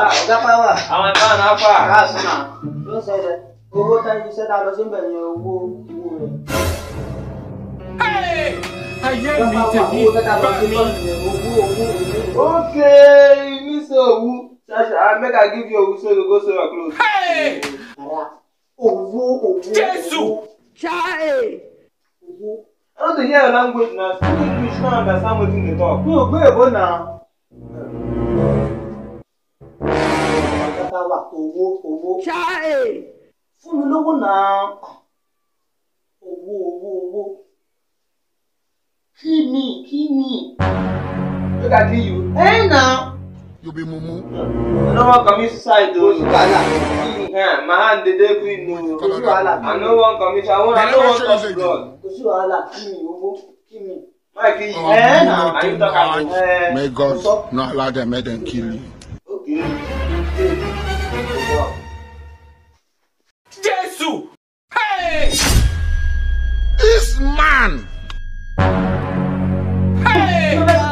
ọ̀gá pàwà. àwọn ẹ̀fọ́ àná fà. káàsì mà. ló ń ṣẹlẹ̀ owó tá iṣẹ́ tá a lọ sí ìbẹ̀rẹ̀ yẹn owó owó rẹ̀. ayé mi tèmi bẹ́ẹ̀ mi. owó owó owó. okay Mr. Owu ṣaṣa make I give you owu so you go sew your clothes. oh, oh, jésù. chai. oh, I no dey hear your language na speak English no understand wetin you dey talk. mi ò gbé èbó náà. bá wà owó owó. ṣáàyè. fún mi lówó náà owó owó owó kí mi kí mi. look at you. ẹ nà. you be mumu. I no wan commit suicide o. oṣù wàhálà. my hand dey dey clean o. oṣù wàhálà. I no wan commit I wan I no wan cut blood. oṣù wàhálà kí mi owó kí mi. Mike, oh, eh, now, are you talking about? Eh. May God not allow them, make them kill you.